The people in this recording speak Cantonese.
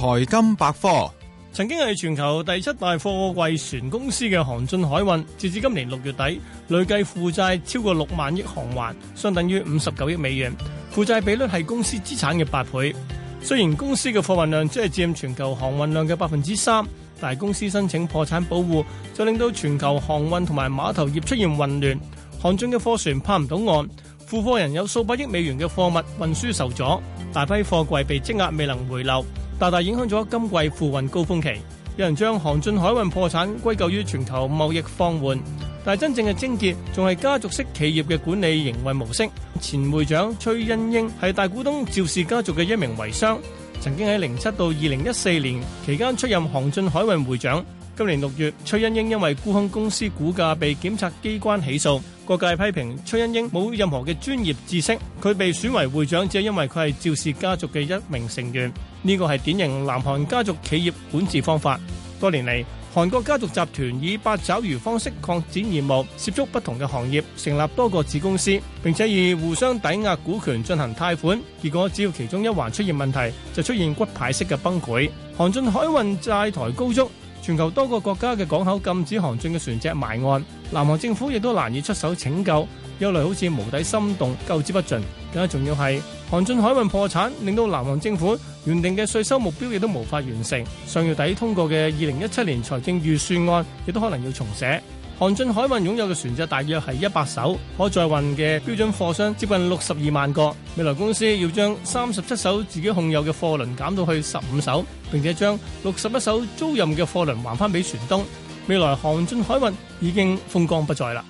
財金百科，曾經係全球第七大貨櫃船公司嘅韓進海運，截至今年六月底，累計負債超過六萬億韓圜，相等於五十九億美元，負債比率係公司資產嘅八倍。雖然公司嘅貨運量只係佔全球航運量嘅百分之三，但係公司申請破產保護就令到全球航運同埋碼頭業出現混亂。韓進嘅貨船泊唔到岸，付貨人有數百億美元嘅貨物運輸受阻，大批貨櫃被積壓，未能回流。大大影響咗今季貨運高峰期，有人將韓進海運破產歸咎於全球貿易放緩，但真正嘅症結仲係家族式企業嘅管理營運模式。前會長崔恩英係大股東趙氏家族嘅一名遺孀，曾經喺零七到二零一四年期間出任韓進海運會長。今年六月，崔恩英因為沽空公司股價被檢察機關起訴，各界批評崔恩英冇任何嘅專業知識，佢被選為會長只係因為佢係趙氏家族嘅一名成員，呢個係典型南韓家族企業管治方法。多年嚟，韓國家族集團以八爪魚方式擴展業務，涉足不同嘅行業，成立多個子公司，並且以互相抵押股權進行貸款，結果只要其中一環出現問題，就出現骨牌式嘅崩潰。韓進海運債台高築。全球多個國家嘅港口禁止韓進嘅船隻埋岸，南韓政府亦都難以出手拯救，憂慮好似無底深洞救之不盡，而家仲要係韓進海運破產，令到南韓政府原定嘅稅收目標亦都無法完成，上月底通過嘅二零一七年財政預算案亦都可能要重寫。韓進海運擁有嘅船隻大約係一百艘，可載運嘅標準貨箱接近六十二萬個。未來公司要將三十七艘自己控有嘅貨輪減到去十五艘，並且將六十一艘租賃嘅貨輪還翻俾船東。未來韓進海運已經風光不再啦。